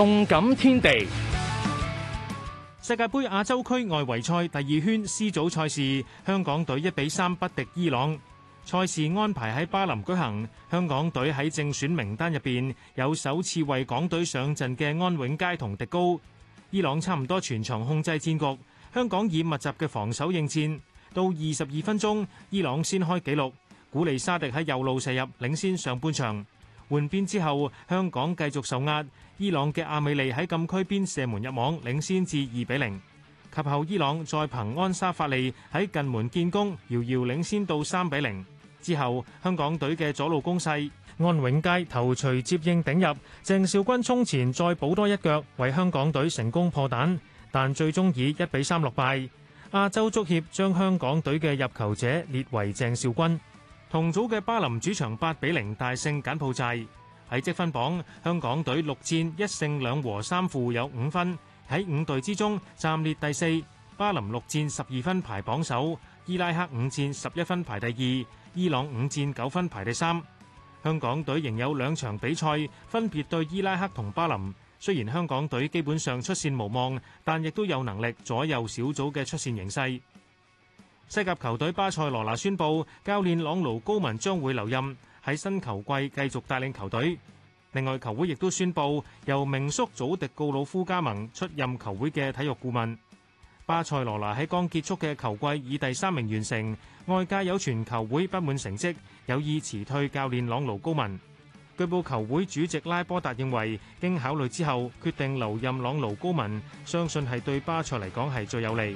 動感天地，世界盃亞洲區外圍賽第二圈 C 組賽事，香港隊一比三不敵伊朗。賽事安排喺巴林舉行，香港隊喺正選名單入邊有首次為港隊上陣嘅安永佳同迪高。伊朗差唔多全場控制戰局，香港以密集嘅防守應戰。到二十二分鐘，伊朗先開紀錄，古里沙迪喺右路射入，領先上半場。換邊之後，香港繼續受壓。伊朗嘅阿美利喺禁區邊射門入網，領先至二比零。及後伊朗再憑安沙法利喺近門建功，遙遙領先到三比零。之後香港隊嘅左路攻勢，安永佳頭槌接應頂入，鄭少軍衝前再補多一腳，為香港隊成功破蛋。但最終以一比三落敗。亞洲足協將香港隊嘅入球者列為鄭少軍。同組嘅巴林主場八比零大勝柬埔寨。喺積分榜，香港隊六戰一勝兩和三負有五分，喺五隊之中暫列第四。巴林六戰十二分排榜首，伊拉克五戰十一分排第二，伊朗五戰九分排第三。香港隊仍有兩場比賽，分別對伊拉克同巴林。雖然香港隊基本上出線無望，但亦都有能力左右小組嘅出線形勢。西甲球隊巴塞羅那宣布，教練朗奴高文將會留任，喺新球季繼續帶領球隊。另外，球會亦都宣布由名宿祖迪告魯夫加盟，出任球會嘅體育顧問。巴塞羅那喺剛結束嘅球季以第三名完成，外界有傳球會不滿成績，有意辭退教練朗奴高文。據報球會主席拉波達認為，經考慮之後決定留任朗奴高文，相信係對巴塞嚟講係最有利。